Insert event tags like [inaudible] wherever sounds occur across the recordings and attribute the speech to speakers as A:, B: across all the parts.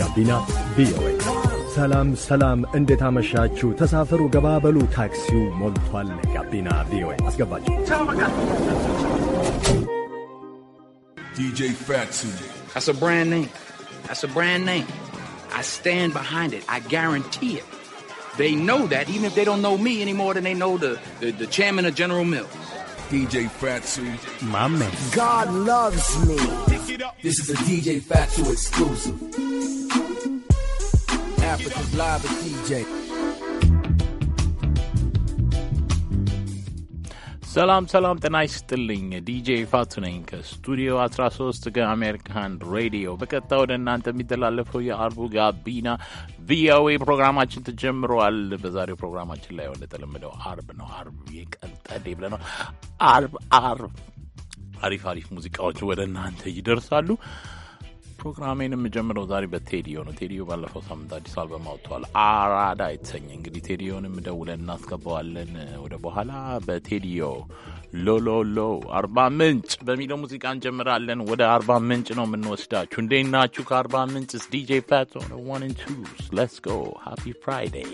A: ጋቢና ቪኦኤ። ሰላም ሰላም፣ እንዴት አመሻችሁ? ተሳፈሩ፣ ገባበሉ፣ ታክሲው ሞልቷል። ጋቢና ቪኦኤ አስገባችሁ።
B: DJ Fatu. That's a brand name.
C: That's a brand name. I stand behind it. I guarantee it. They know that, even if they don't know me any more than they know the, the, the chairman of General Mills. DJ Fatsu. My man. God
B: loves me. This is a DJ Factual exclusive.
C: Africa's live with DJ. ሰላም ሰላም፣ ጤና ይስጥልኝ። ዲጄ ፋቱ ነኝ ከስቱዲዮ 13 ከአሜሪካን ሬዲዮ በቀጥታ ወደ እናንተ የሚተላለፈው የአርቡ ጋቢና ቪኦኤ ፕሮግራማችን ተጀምረዋል። በዛሬው ፕሮግራማችን ላይ እንደተለመደው አርብ ነው። አርብ የቀን ጠዴ ብለናል። አርብ አርብ አሪፍ አሪፍ ሙዚቃዎች ወደ እናንተ ይደርሳሉ። ፕሮግራሜን የምጀምረው ዛሬ በቴዲዮ ነው። ቴዲዮ ባለፈው ሳምንት አዲስ አልበም አውጥተዋል፣ አራዳ የተሰኘ እንግዲህ ቴዲዮን ደውለን እናስገባዋለን ወደ በኋላ። በቴዲዮ ሎሎሎ አርባ ምንጭ በሚለው ሙዚቃ እንጀምራለን። ወደ አርባ ምንጭ ነው የምንወስዳችሁ። እንዴት ናችሁ? ከአርባ ምንጭ ዲጄ ፓትስ ኦን ዋን ቱ ሌትስ ጎ ሃፒ ፍራይዴይ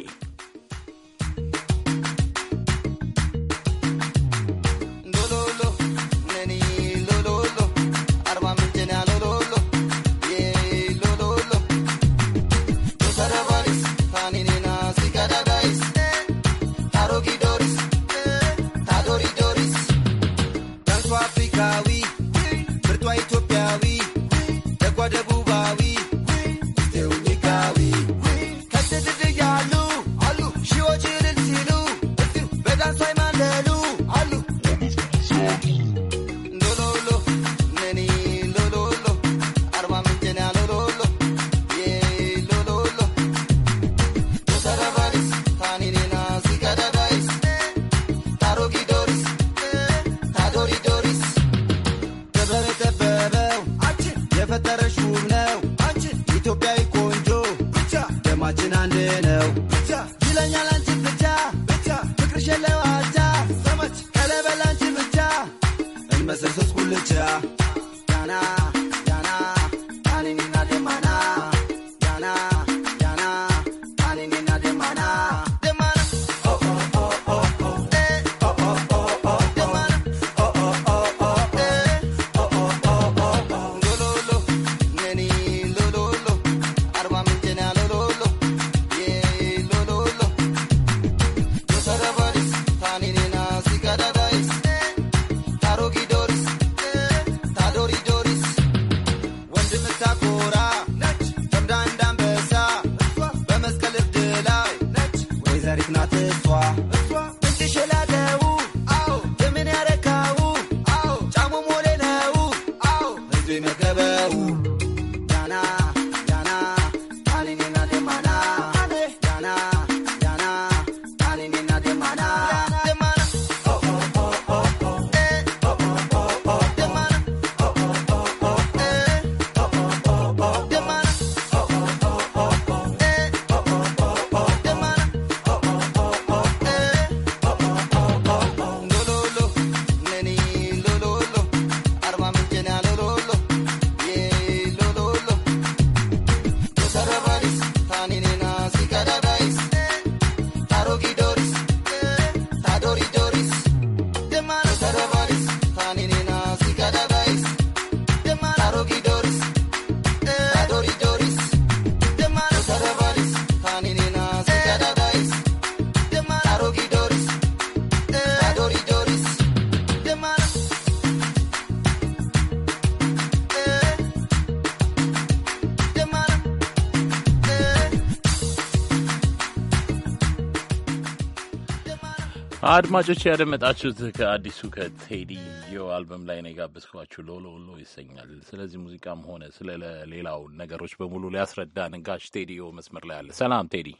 C: አድማጮች ያደመጣችሁት ከአዲሱ ከቴዲ ዮ አልበም ላይ ነው የጋበዝኳችሁ። ሎሎ ሎ ይሰኛል። ስለዚህ ሙዚቃም ሆነ ስለሌላው ነገሮች በሙሉ ሊያስረዳ ንጋሽ ቴዲ ዮ መስመር ላይ አለ። ሰላም ቴዲ።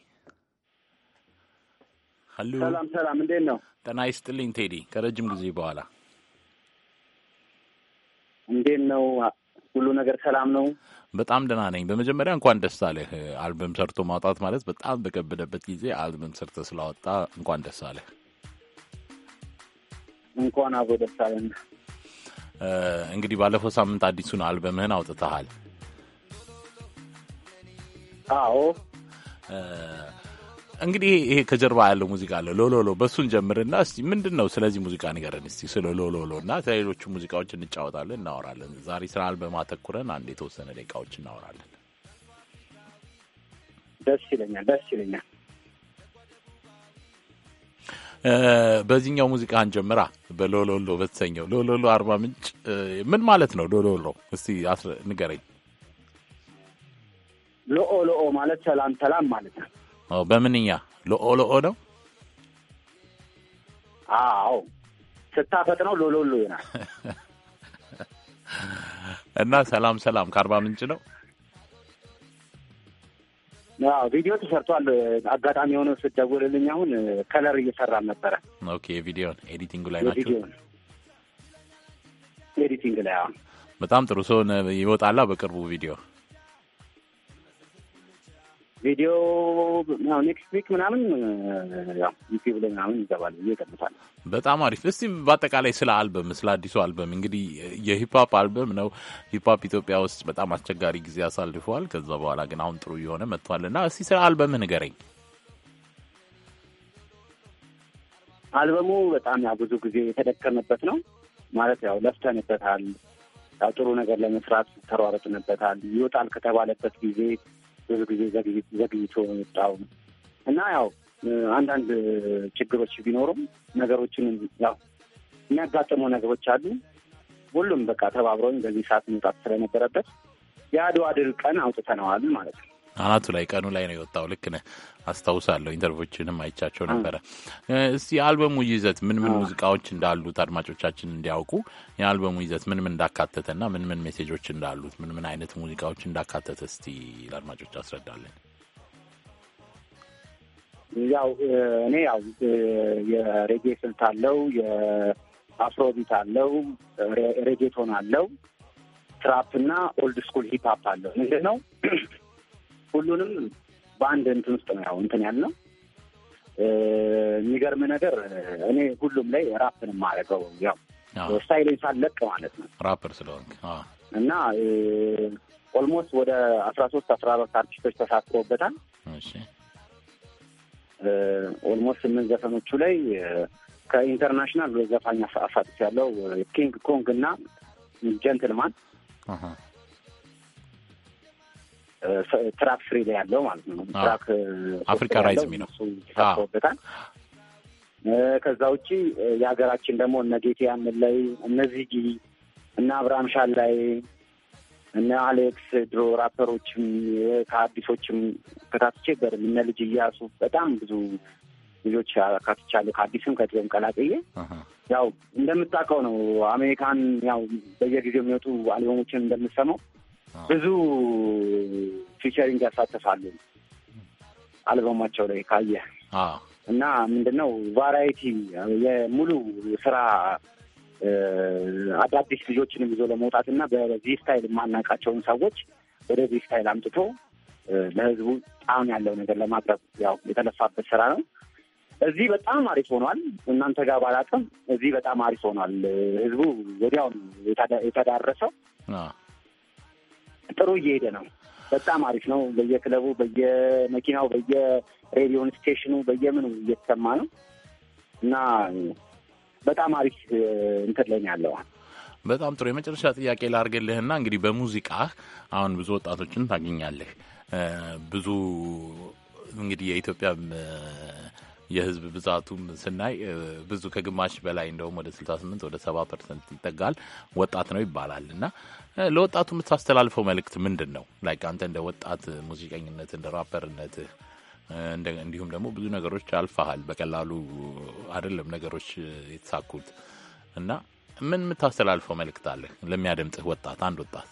C: ሀሎ። ሰላም ሰላም፣ እንዴት ነው? ጤና ይስጥልኝ ቴዲ። ከረጅም ጊዜ በኋላ
D: እንዴት ነው? ሁሉ ነገር ሰላም ነው?
C: በጣም ደህና ነኝ። በመጀመሪያ እንኳን ደስ አለህ። አልበም ሰርቶ ማውጣት ማለት በጣም በከበደበት ጊዜ አልበም ሰርተ ስላወጣ እንኳን ደስ አለህ።
D: እንኳን አብሮ ደስ አለን።
C: እንግዲህ ባለፈው ሳምንት አዲሱን አልበምህን አውጥተሃል። አዎ እንግዲህ ይሄ ከጀርባ ያለው ሙዚቃ አለ ሎሎሎ፣ በእሱን ጀምርና እስቲ ምንድን ነው ስለዚህ ሙዚቃ ንገረን እስቲ ስለ ሎሎሎ እና ስለሌሎቹ ሙዚቃዎች እንጫወታለን፣ እናወራለን። ዛሬ ስለ አልበም አተኩረን አንድ የተወሰነ ደቂቃዎች እናወራለን።
D: ደስ ይለኛል፣ ደስ ይለኛል።
C: በዚህኛው ሙዚቃን ጀምራ በሎሎሎ በተሰኘው ሎሎሎ አርባ ምንጭ ምን ማለት ነው? ሎሎሎ እስቲ ንገረኝ።
D: ሎኦ ሎኦ ማለት ሰላም ሰላም ማለት ነው።
C: በምንኛ ሎኦ ሎኦ ነው?
D: አዎ ስታፈጥነው ሎሎሎ ይሆናል።
C: [laughs] እና ሰላም ሰላም ከአርባ ምንጭ ነው።
D: ቪዲዮ ተሰርቷል። አጋጣሚ የሆነው ስደወልልኝ አሁን ከለር እየሰራን ነበረ።
C: ኦኬ የቪዲዮን ኤዲቲንጉ ላይ ናቸው። ኤዲቲንግ ላይ በጣም ጥሩ ሰው ይወጣላ። በቅርቡ ቪዲዮ
D: ቪዲዮ ኔክስት ዊክ ምናምን ዩቲብ ላይ ምናምን ይገባል ብዬ እቀምሳለሁ።
C: በጣም አሪፍ። እስቲ በአጠቃላይ ስለ አልበም ስለ አዲሱ አልበም እንግዲህ የሂፕሀፕ አልበም ነው። ሂፕሀፕ ኢትዮጵያ ውስጥ በጣም አስቸጋሪ ጊዜ አሳልፈዋል። ከዛ በኋላ ግን አሁን ጥሩ እየሆነ መጥቷል እና እስቲ ስለ አልበምህ ንገረኝ።
D: አልበሙ በጣም ያው ብዙ ጊዜ የተደከመበት ነው ማለት ያው ለፍተንበታል። ያው ጥሩ ነገር ለመስራት ተሯረጥንበታል። ይወጣል ከተባለበት ጊዜ ብዙ ጊዜ ዘግይቶ የወጣው እና ያው አንዳንድ ችግሮች ቢኖሩም ነገሮችን ያው የሚያጋጥሙ ነገሮች አሉ። ሁሉም በቃ ተባብረውኝ በዚህ ሰዓት መውጣት ስለነበረበት የአድዋ ድል ቀን አውጥተነዋል ማለት ነው።
C: አናቱ ላይ ቀኑ ላይ ነው የወጣው። ልክ ነህ፣ አስታውሳለሁ። ኢንተርቪዎችንም አይቻቸው ነበረ። እስቲ የአልበሙ ይዘት ምን ምን ሙዚቃዎች እንዳሉት አድማጮቻችን እንዲያውቁ የአልበሙ ይዘት ምን ምን እንዳካተተና ምን ምን ሜሴጆች እንዳሉት ምን ምን አይነት ሙዚቃዎች እንዳካተተ እስቲ ለአድማጮች አስረዳለን።
D: ያው እኔ ያው የሬጌ ስልት አለው፣ የአፍሮቢት አለው፣ ሬጌቶን አለው፣ ትራፕ እና ኦልድ ስኩል ሂፕ አለው ምንድን ነው ሁሉንም በአንድ እንትን ውስጥ ነው ያው እንትን ያለው። የሚገርም ነገር እኔ ሁሉም ላይ ራፕን የማደርገው ያው ስታይሌን ሳለቅ ማለት ነው
C: ራፐር ስለሆንክ
D: እና ኦልሞስት ወደ አስራ ሶስት አስራ አራት አርቲስቶች ተሳትፈውበታል። ኦልሞስት ስምንት ዘፈኖቹ ላይ ከኢንተርናሽናል ዘፋኝ አሳትፍ ያለው ኪንግ ኮንግ እና ጀንትልማን ትራክ ፍሪ ላይ ያለው ማለት ነው። ትራክ አፍሪካ ራይዝ ነው ተሳትፎበታል። ከዛ ውጭ የሀገራችን ደግሞ እነ ጌቴ ያምን ላይ እነዚህ ጊ እነ አብርሃም ሻል ላይ እነ አሌክስ ድሮ ራፐሮችም ከአዲሶችም ከታትቼ በር እነ ልጅ እያሱ በጣም ብዙ ልጆች አካትቻለሁ። ከአዲስም ከድሮም ቀላቅዬ ያው እንደምታውቀው ነው አሜሪካን ያው በየጊዜው የሚወጡ አልበሞችን እንደምሰማው ብዙ ፊቸሪንግ ያሳተፋሉ አልበማቸው ላይ ካየ እና ምንድነው ቫራይቲ የሙሉ ስራ አዳዲስ ልጆችንም ይዞ ለመውጣት እና በዚህ ስታይል የማናውቃቸውን ሰዎች ወደዚህ ስታይል አምጥቶ ለህዝቡ ጣዕም ያለው ነገር ለማቅረብ ያው የተለፋበት ስራ ነው። እዚህ በጣም አሪፍ ሆኗል። እናንተ ጋር ባላቅም እዚህ በጣም አሪፍ ሆኗል። ህዝቡ ወዲያውን የተዳረሰው ጥሩ እየሄደ ነው። በጣም አሪፍ ነው። በየክለቡ፣ በየመኪናው፣ በየሬዲዮን ስቴሽኑ፣ በየምኑ እየተሰማ ነው እና በጣም አሪፍ እንትን ለኝ ያለዋል።
C: በጣም ጥሩ። የመጨረሻ ጥያቄ ላርገልህና እንግዲህ በሙዚቃ አሁን ብዙ ወጣቶችን ታገኛለህ። ብዙ እንግዲህ የኢትዮጵያ የህዝብ ብዛቱም ስናይ ብዙ ከግማሽ በላይ እንደውም ወደ 68 ወደ 70 ፐርሰንት ይጠጋል ወጣት ነው ይባላል እና ለወጣቱ የምታስተላልፈው መልእክት ምንድን ነው? ላይክ አንተ እንደ ወጣት ሙዚቀኝነት፣ እንደ ራፐርነት እንዲሁም ደግሞ ብዙ ነገሮች አልፋሃል። በቀላሉ አይደለም ነገሮች የተሳኩት እና ምን የምታስተላልፈው መልእክት አለ ለሚያደምጥህ ወጣት? አንድ ወጣት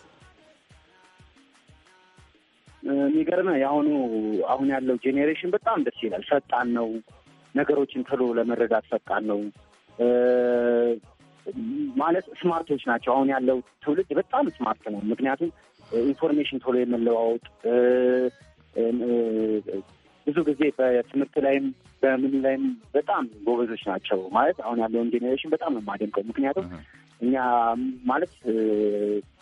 D: የሚገርምህ የአሁኑ አሁን ያለው ጄኔሬሽን በጣም ደስ ይላል። ፈጣን ነው ነገሮችን ቶሎ ለመረዳት ፈጣን ነው ማለት ስማርቶች ናቸው። አሁን ያለው ትውልድ በጣም ስማርት ነው። ምክንያቱም ኢንፎርሜሽን ቶሎ የመለዋወጥ ብዙ ጊዜ በትምህርት ላይም በምን ላይም በጣም ጎበዞች ናቸው። ማለት አሁን ያለውን ጄኔሬሽን በጣም ነው የማደንቀው። ምክንያቱም እኛ ማለት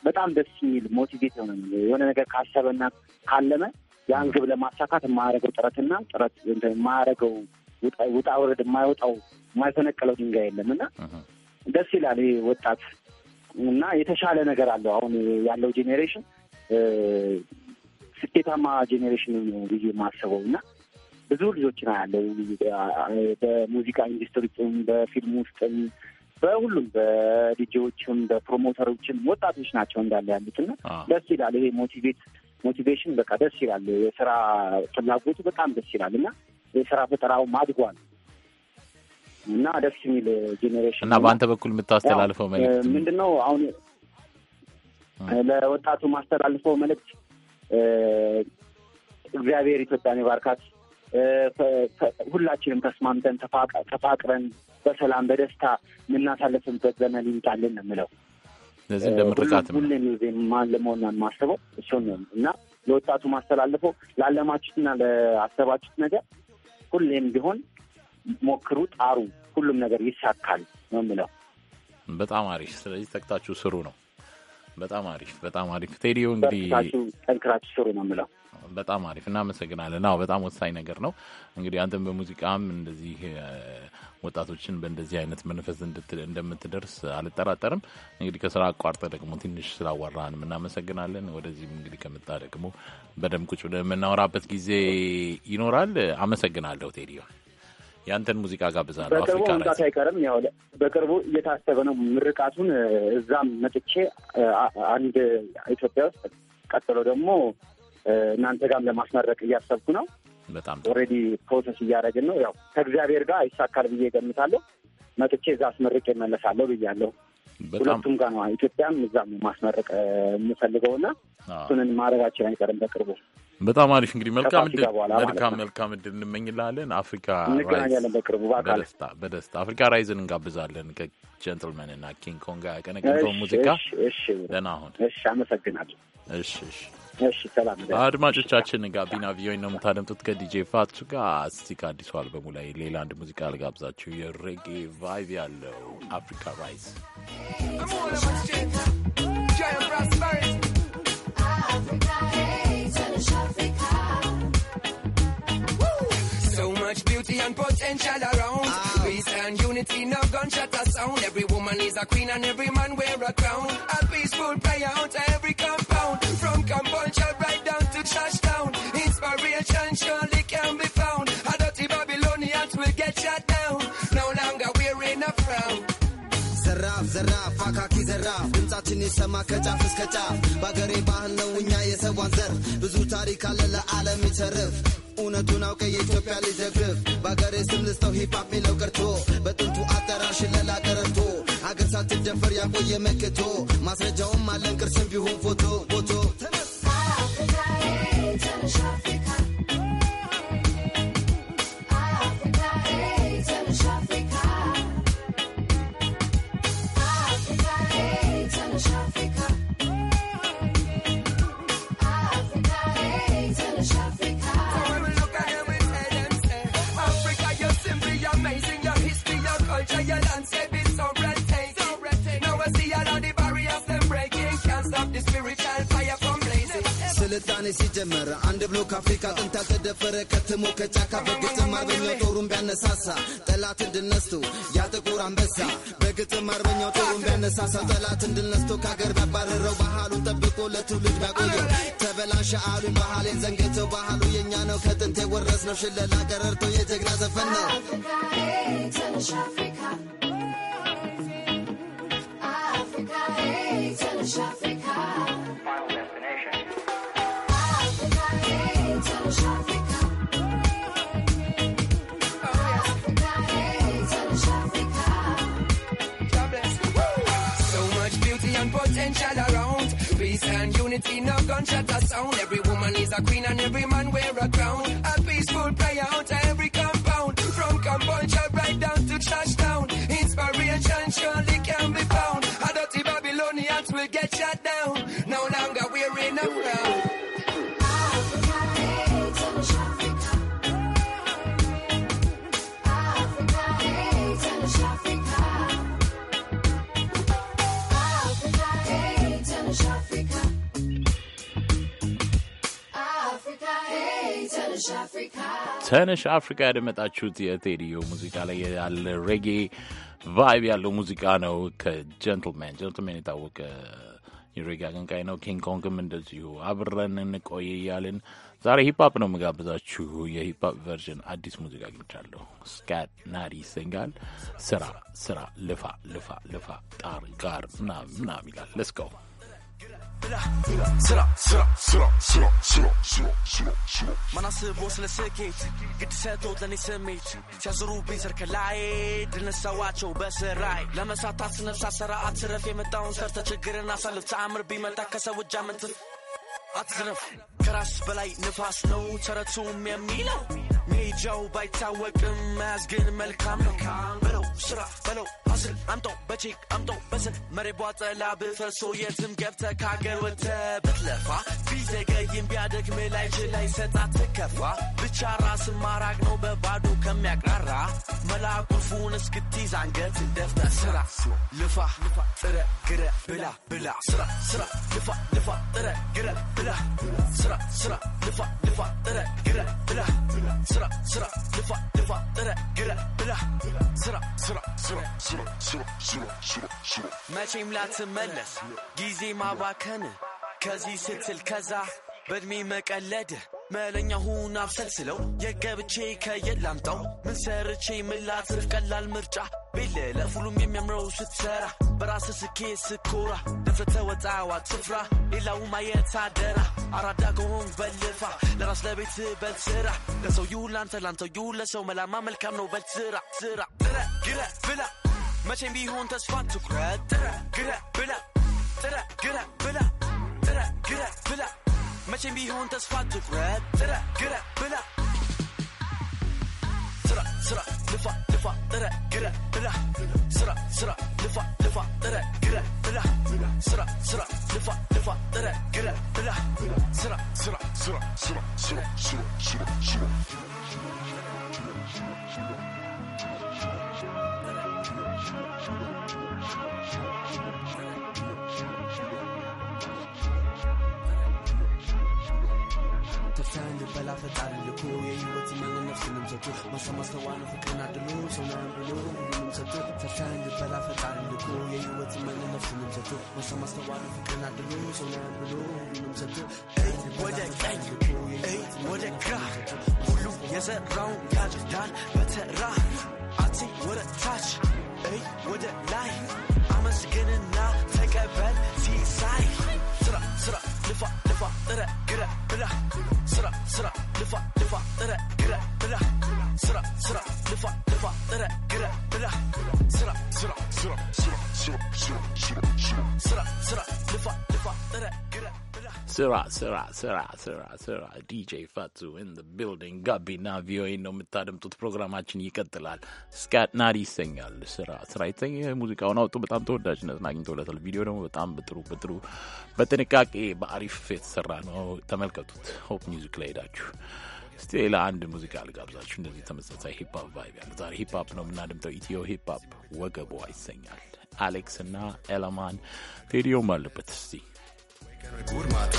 D: በጣም ደስ የሚል ሞቲቬት የሆነ የሆነ ነገር ካሰበና ካለመ ያን ግብ ለማሳካት የማያደርገው ጥረትና ጥረት የማያደርገው ውጣ ውረድ የማይወጣው የማይፈነቅለው ድንጋይ የለም እና ደስ ይላል። ይህ ወጣት እና የተሻለ ነገር አለው። አሁን ያለው ጄኔሬሽን ስኬታማ ጄኔሬሽን ብዬ የማስበው እና ብዙ ልጆች ነው ያለው በሙዚቃ ኢንዱስትሪ ውስጥም በፊልም ውስጥም በሁሉም በዲጄዎችም በፕሮሞተሮችም ወጣቶች ናቸው እንዳለ ያሉት እና ደስ ይላል። ይሄ ሞቲቬት ሞቲቬሽን በቃ ደስ ይላል። የስራ ፍላጎቱ በጣም ደስ ይላል እና የስራ ፈጠራውም አድጓል። እና ደስ የሚል ጄኔሬሽን እና በአንተ
C: በኩል የምታስተላልፈው መልዕክት
D: ምንድን ነው? አሁን ለወጣቱ ማስተላልፈው መልክት እግዚአብሔር ኢትዮጵያን ይባርካት። ሁላችንም ተስማምተን ተፋቅረን በሰላም በደስታ የምናሳለፍበት ዘመን ይምጣልን ነው የምለው።
C: ስለዚህ እንደምርቃት ምርቃት
D: ሁሌም ማን ለመሆን የማስበው እሱን ነው እና ለወጣቱ ማስተላልፈው ላለማችሁትና ለአሰባችሁት ነገር ሁሌም ቢሆን ሞክሩ፣ ጣሩ፣ ሁሉም ነገር ይሳካል ነው የምለው።
C: በጣም አሪፍ። ስለዚህ ተግታችሁ ስሩ ነው። በጣም አሪፍ፣ በጣም አሪፍ ቴዲዮ። እንግዲህ
D: ጠንክራችሁ ስሩ ነው የምለው።
C: በጣም አሪፍ እናመሰግናለን። አዎ በጣም ወሳኝ ነገር ነው። እንግዲህ አንተም በሙዚቃም እንደዚህ ወጣቶችን በእንደዚህ አይነት መንፈስ እንደምትደርስ አልጠራጠርም። እንግዲህ ከስራ አቋርጠ ደግሞ ትንሽ ስላዋራንም እናመሰግናለን። ወደዚህም እንግዲህ ከምጣ ደግሞ በደምብ ቁጭ ብለን የምናወራበት ጊዜ ይኖራል። አመሰግናለሁ ቴዲዮን። ያንተን ሙዚቃ ጋብዛ ነው። በቅርቡ መምጣት
D: አይቀርም። ያው በቅርቡ እየታሰበ ነው ምርቃቱን። እዛም መጥቼ አንድ ኢትዮጵያ ውስጥ ቀጥሎ ደግሞ እናንተ ጋርም ለማስመረቅ እያሰብኩ ነው። በጣም ኦልሬዲ ፕሮሰስ እያደረግን ነው። ያው ከእግዚአብሔር ጋር ይሳካል ብዬ ገምታለሁ መጥቼ እዛ አስመርቅ እመለሳለሁ ብያለሁ። ሁለቱም ጋር ነው ኢትዮጵያም እዛም ማስመረቅ የምፈልገውና እሱንን ማድረጋችን አይቀርም በቅርቡ።
C: በጣም አሪፍ እንግዲህ መልካም መልካም መልካም እድል እንመኝላለን። አፍሪካ በደስታ በደስታ አፍሪካ ራይዝን እንጋብዛለን። ከጀንትልመን እና ኪንግ ኮንግ ያቀነቀንከው ሙዚቃ ደህና አሁን
D: እሺ፣ አመሰግናለሁ። እሺ፣ እሺ፣ እሺ። ሰላም
C: አድማጮቻችን፣ ጋቢና ቪኦኤ ነው የምታደምጡት ከዲጄ ፋቱ ጋር። እስቲ ከአዲሱ አልበሙ ላይ ሌላ አንድ ሙዚቃ ልጋብዛችሁ። የሬጌ ቫይቭ ያለው አፍሪካ ራይዝ
B: a queen and every man wear a crown. A peaceful prayer out of every compound. From Cambodia right down to Shashtown. Inspiration surely can be found. A dirty Babylonians will get shut down. No longer wearing a frown. ዘራፍ ዘራፍ አካኪ ዘራፍ
E: ድምፃችን ይሰማ ከጫፍ እስከ ጫፍ በአገሬ ባህል ነው እኛ የሰዋን ዘርፍ ብዙ ታሪክ አለ ለዓለም ይተርፍ እውነቱን አውቀ የኢትዮጵያ ልጅ ደግፍ በአገሬ ስም ልስተው ሂፓፕ ሚለው ቀርቶ በጥንቱ አጠራር ሽለላ ቀረ ሳትደፈር ያቆየ መከቶ ማስረጃውም አለን ቅርስም ቢሆን ፎቶ ፎቶ ስልጣኔ ሲጀመር አንድ ብሎክ አፍሪካ ጥንት ያልተደፈረ ከትሞ ከጫካ በግጥም አርበኛው ጦሩን ቢያነሳሳ ጠላት እንድነስቶ ያ ጥቁር አንበሳ በግጥም አርበኛው ጦሩን ቢያነሳሳ ጠላት እንድነስቶ ከሀገር ቢያባረረው ባህሉን ጠብቆ ለትውልድ ቢያቆየው ተበላሸ አሉኝ ባህሌን ዘንገተው ባህሉ የእኛ ነው ከጥንት የወረስ ነው ሽለላ ቀረርቶ የጀግና ዘፈን ነው
B: gunshot a sound. Every woman is a queen and every man wear a crown. A peaceful prayer out every
C: ትንሽ አፍሪካ ያደመጣችሁት የቴዲዮ ሙዚቃ ላይ ያለ ሬጌ ቫይብ ያለው ሙዚቃ ነው። ከጀንትልማን ጀንትልማን የታወቀ የሬጌ አቀንቃኝ ነው። ኪንግ ኮንግም እንደዚሁ አብረን እንቆይ እያልን ዛሬ ሂፕሆፕ ነው የምጋብዛችሁ። የሂፕሆፕ ቨርዥን አዲስ ሙዚቃ አግኝቻለሁ። ስካት ናዲ ይሰኛል። ስራ ስራ፣ ልፋ ልፋ ልፋ፣ ጣር ጋር ምናምን ምናምን ይላል። ለስቀው
F: ስራ
B: ስራ
C: ስራ ስራ ስራ ስራ ስራ
B: ስራ
F: መናስቦ ስለ ስኬት ግድ ሰጥቶት ለእኔ ስሜት ሲያዝሩብኝ ስር ከላይ ድል በስራይ ለመሳታት ስነብሳ ስራ አትስረፍ የመጣውን ሰርተ ችግርን አሳልፍ ተአምር ቢመጣ ከሰው እጅ አመንትፍ አትዝረፍ ከራስ በላይ ንፋስ ነው ተረቱም የሚለው ሜጃው ባይታወቅም መያዝ ግን መልካም ነው። በለው ስራ በለው አስል አምጠው በቼክ አምጠው በስን መሬ ቧጠላ ብፈሶ የትም ገብተ ካገር ወተ ብትለፋ ቢዘገይም ቢያደክም ላይ ችላ ይሰጣ ትከፋ ብቻ ራስ ማራቅ ነው በባዶ ከሚያቅራራ ፉን እስክትይዝ አንገት እንደፍተ ስራ ልፋ ጥረ ግረ ብላ ብላ ስራ ስራ ልፋ ልፋ ጥረ ግረ ብላ ስራ ስራ ልፋ ልፋ ጥረ ግረ ብላ ስራ ስራ ልፋ ልፋ ጥረ ግረ ብላ ስራ ስራ ስራ ስራ ስራ ስራ ስራ ስራ መቼም ላትመለስ ጊዜ ማባከን ከዚህ ስትል ከዛ በእድሜ መቀለድ መለኛሁ አብሰልስለው የገብቼ ከየላምጣው ምን ሰርቼ ምላትርፍ ቀላል ምርጫ ቢለለፍ ሁሉም የሚያምረው ስትሰራ በራስ ስኬት ስኮራ ድፍረት ተወጣዋ ትፍራ ሌላው ማየት አደራ አራዳ ከሆን በልፋ ለራስ ለቤት በልስራ ለሰው ይሁን ላንተ ላንተው ይሁን ለሰው መላማ መልካም ነው በልስራ ስራ ጥረ ግረ ብላ መቼም ቢሆን ተስፋ ትኩረት ጥረ ግረ ብላ ጥረ ግረ ብላ ጥረ ግረ ብላ መቼም ቢሆን ተስፋ ትቁረጥ። ጥረ ግረ ብላ ስራ ስራ ልፋ ልፋ ጥረ ግረ ብላ ስራ ስራ ልፋ ልፋ ጥረ ግረ ብላ ስራ ስራ ልፋ ልፋ ጥረ ግረ ብላ ስራ ስራ ስራ ስራ ስራ ስራ ስራ ስራ ፈላ ፈጣሪ ልኩ የህይወት መን ነፍስንም ሰጥቶ ማሰማስተዋነ ፍቅርን አድሎ ሰውናን ብሎ ሁሉንም ሰጥቶ ሰርተን ልበላ ፈጣሪ ልኩ የህይወት መን ነፍስንም ሰጥቶ ማሰማስተዋነ ፍቅርን አድሎ ሰውናን ብሎ ሁሉንም ሰጥቶ ወደ ቀኝ ወደ ግራ ሁሉ የዘራውን ያጭዳል በተራ አቲ ወደ ታች ወደ ላይ አመስግንና ተቀበል ሲሳይ ስራ ስራ ልፋ ልፋ ጥረ ግረ ብላ
C: ስራ ስራ ስራ ስራ ስራ። ዲጄ ፋቱ ኢን ዘ ቢልዲንግ። ጋቢና ቪኦኤ ነው የምታደምጡት። ፕሮግራማችን ይቀጥላል። ስካት ናዲ ይሰኛል። ስራ ስራ ይሰኝ ሙዚቃውን አውጡ። በጣም ተወዳጅነትን አግኝቶለታል። ቪዲዮ ደግሞ በጣም በጥሩ በጥሩ በጥንቃቄ በአሪፍ የተሰራ ነው። ተመልከቱት። ሆፕ ሚውዚክ ላይ ሄዳችሁ እስቲ ሌላ አንድ ሙዚቃ ልጋብዛችሁ። እንደዚህ ተመሳሳይ ሂፕሆፕ ቫይብ ያለ ዛሬ ሂፕሆፕ ነው የምናደምጠው። ኢትዮ ሂፕሆፕ ወገቧ ይሰኛል። አሌክስ እና ኤለማን ቴዲዮም አለበት እስቲ ጉድ ማታ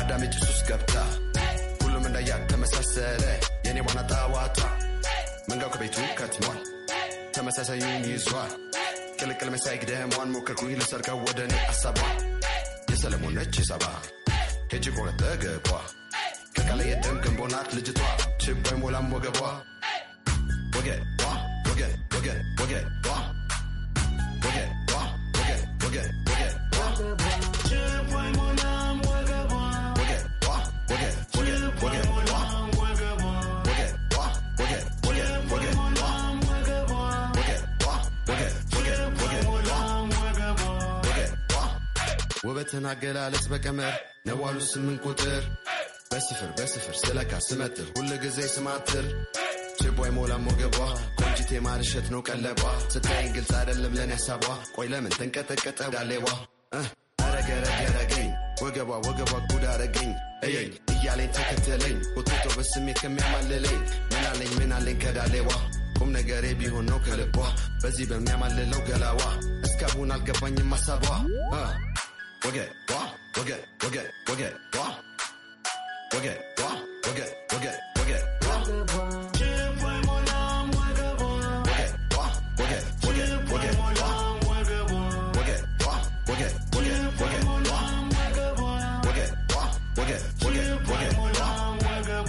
C: አዳሜ ጭሱስ ገብታ
G: ሁሉም እንዳያተመሳሰለ የእኔ ዋና ጣዋታ መንጋው ከቤቱ ከትሟል ተመሳሳዩን ይዟል ቅልቅል መሳይ ግደሟን ሞከርኩ ልሰርቀው ወደ እኔ አሳቧል የሰለሞን ነች ሰባ ሄጅ ቆነ ተገቧ ከቃለ የደም ገንቦ ልጅቷ ችቦይ ሞላም ወገቧ ወገ ወገ ወገ ወገ ውበትን አገላለጽ በቀመር ነዋሉ ስምንት ቁጥር በስፍር በስፍር ስለካ ስመጥር ሁል ጊዜ ስማትር ችቦ ይሞላም ወገቧ ቆንጅቴ ማርሸት ነው ቀለቧ ስታይን ግልጽ አይደለም ለን ያሳቧ ቆይ ለምን ተንቀጠቀጠ ዳሌዋ ረገረገረገኝ ወገቧ ወገቧ ጉድ አረገኝ እየኝ እያለኝ ተከተለኝ ወጥቶ በስሜት ከሚያማልለኝ ምናለኝ ምናለኝ ከዳሌዋ ቁም ነገሬ ቢሆን ነው ከልቧ በዚህ በሚያማልለው ገላዋ እስካሁን አልገባኝም አሳቧ? 我给我我给我给我给我我给我我给我给我给我。只
E: 会模棱外科博。我给我我给我给我给我。我给我我给我
G: 我给我给我给我。我给我我给我给我给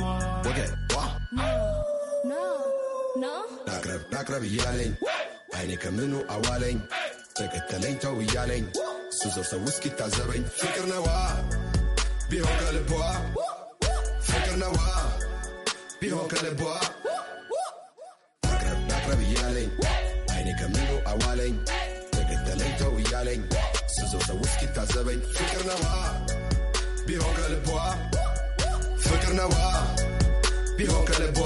G: 我。我给我。No
H: no no.
G: نقرب نقرب يالين عينك منو اوالين تقتلين تو يالين እሱ ሰው ሰው እስኪታዘበኝ ፍቅር ነዋ ቢሆን ከልቧ ፍቅር ነዋ ቢሆን ከልቧ አቅረብ አቅረብ እያለኝ አይኔ ከምኑ አዋለኝ ተገተለኝ ተው እያለኝ እሱ ዞር ሰው እስኪታዘበኝ ፍቅር ነዋ ቢሆን ከልቧ ፍቅር ነዋ ቢሆን ከልቧ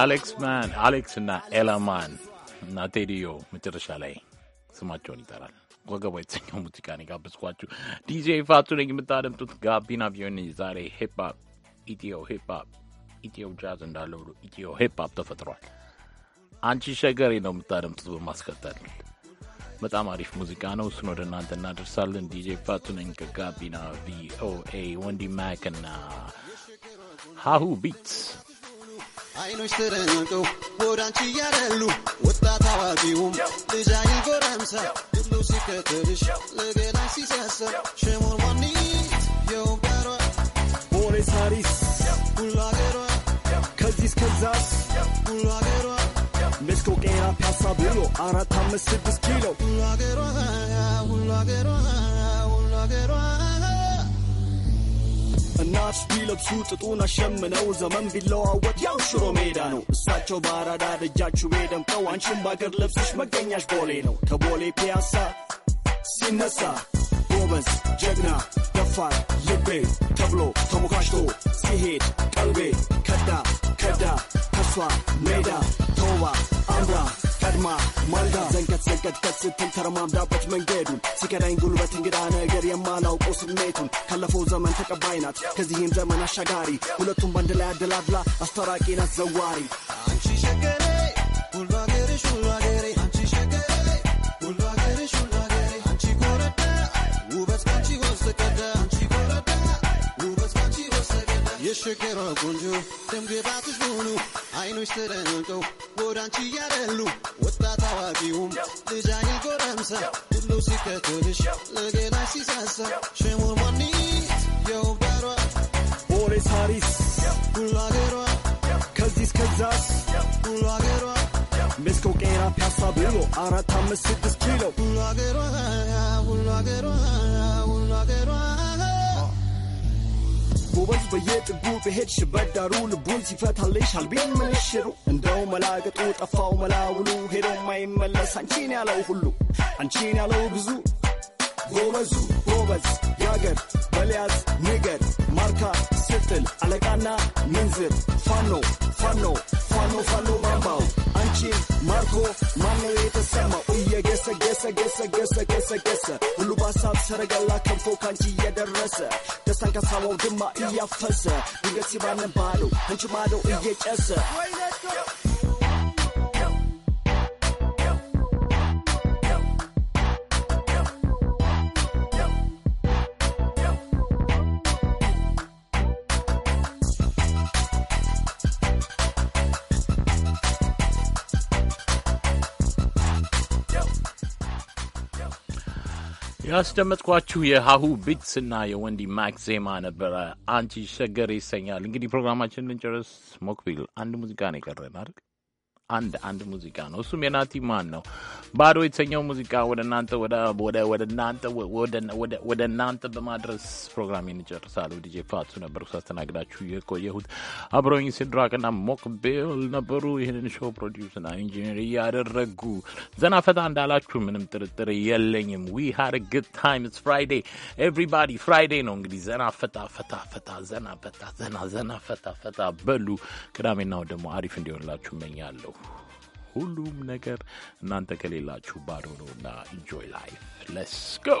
C: አሌክስ ማን አሌክስ እና ኤላማን እና ቴዲዮ መጨረሻ ላይ ስማቸውን ይጠራል። ወገቧ የተሰኘው ሙዚቃ የጋበዝኳችሁ ዲጄ ፋቱ ነኝ። የምታደምጡት ጋቢና ቢሆን ዛሬ ሂፕሆፕ ኢትዮ ሂፕሆፕ ኢትዮ ጃዝ እንዳለ ብሎ ኢትዮ ሂፕሆፕ ተፈጥሯል። አንቺ ሸገሬ ነው የምታደምጡት። በማስከተል በጣም አሪፍ ሙዚቃ ነው። እሱን ወደ እናንተ እናደርሳለን። ዲጄ ፋቱ ነኝ ከጋቢና ቪኦኤ ወንዲ እና ሀሁ ቢትስ
E: አይኖች ተደንቀው ወዳንቺ እያደሉ ወጣት አዋቂውም ልጃይ ጎረምሳ ሁሉ ሲከተልሽ ለገላ ሲሳሳ ሽሙር ሞኒት የወንበሯ
A: ቦሌስ አሪስ ሁሉ አገሯ ከዚህ እስከዛስ ሁሉ አገሯ ሜስኮ ቄራ ፒያሳ ብሎ አራት አምስት ስድስት ኪሎ ሁሉ አገሯ ሁሉ አገሯ ሁሉ አገሯ እናት ቢለብሱ ጥጡን አሸምነው ዘመን ቢለዋወጥ ያው ሽሮ ሜዳ ነው። እሳቸው ባራዳ ደጃችሁ ቤ ደምቀው ባገር ለብሰሽ መገኛሽ ቦሌ ነው። ከቦሌ ፒያሳ ሲነሳ ጎበዝ ጀግና ደፋር ልቤ ተብሎ ተሞካሽቶ ሲሄድ ቀልቤ ከዳ ከዳ ከሷ ሜዳ ተውባ አምራ ቀድማ ማልዳ ዘንቀት ዘንቀጥቀት ስትል ተረማምዳበት መንገዱን ሲከዳኝ ጉልበት እንግዳ ነገር የማላውቀው ስሜቱን ካለፈው ዘመን ተቀባይ ናት ከዚህም ዘመን አሻጋሪ ሁለቱም በአንድ ላይ አደላድላ አስተራቂ ናት ዘዋሪ
E: ሸገሯ ቆንጆ ደምግባትሽ ሙሉ አይኖች ተደንቀው ወዳንቺ እያደሉ ወጣት አዋቂውም ልጃይ ጎረምሳ ሁሉ ሲከተልሽ ለገላሽ ሲሳሳ ሸሞርማኒት የውባሯ
A: ቦሌስ ሃሪስ ሁሉ አገሯ ከዚህ እስከዛስ ሁሉ አገሯ ሜስኮ ቄራ ፒያሳ ብሎ አራት አምስት ስድስት ኪሎ ሁሉ አገሯ ሁሉ አገሯ ሁሉ አገሯ ጎበዝ በየጥጉ በሄድሽበት ዳሩ ልቡን ሲፈታልሽ አልቢን ምልሽሩ እንደው መላገጡ ጠፋው መላውሉ ሄዶ ማይመለስ አንቺን ያለው ሁሉ አንቺን ያለው ብዙ ጎበዙ ጎበዝ ያገር በልያዝ ንገር ማርካት ስትል አለቃና ምንዝር ፋኖ ፋኖ ፋኖ ፋኖ ባምባው አንቺ ማርኮ ማነው የተሰማው እየገሰ ገሰ ገሰ ገሰ ገሰ ገሰ ሁሉ በሀሳብ ሰረገላ ከንፎ ካንቺ እየደረሰ ደስታን ከሳማው ድማ እያፈሰ ድንገት ሲባነባለው አንቺ ማለው እየጨሰ
C: ያስደመጥኳችሁ የሀሁ ቢትስ እና የወንዲ ማክ ዜማ ነበረ። አንቺ ሸገር ይሰኛል። እንግዲህ ፕሮግራማችን ልንጨርስ ሞክቢል አንድ ሙዚቃ ነው የቀረን አይደል? አንድ አንድ ሙዚቃ ነው እሱም የናቲ ማን ነው ባዶ የተሰኘው ሙዚቃ ወደ እናንተ ወደ እናንተ በማድረስ ፕሮግራም እጨርሳለሁ። ዲጄ ፋቱ ነበርኩ ሳስተናግዳችሁ የቆየሁት። አብሮኝ ሲድራቅና ቤል ነበሩ። ይህንን ሾው ፕሮዲውስና ኢንጂነር እያደረጉ ዘና ፈታ እንዳላችሁ ምንም ጥርጥር የለኝም። ዊ ሃድ ግድ ታይም ስ ፍራይዴ ኤቭሪባዲ ፍራይዴ ነው እንግዲህ ዘና ፈታ ፈታ ፈታ ዘና ፈታ ዘና ዘና ፈታ ፈታ በሉ። ቅዳሜና ደግሞ አሪፍ እንዲሆንላችሁ እመኛለሁ። ሁሉም ነገር እናንተ ከሌላችሁ ባዶ ነውና ኢንጆይ ላይፍ ሌትስ ጎ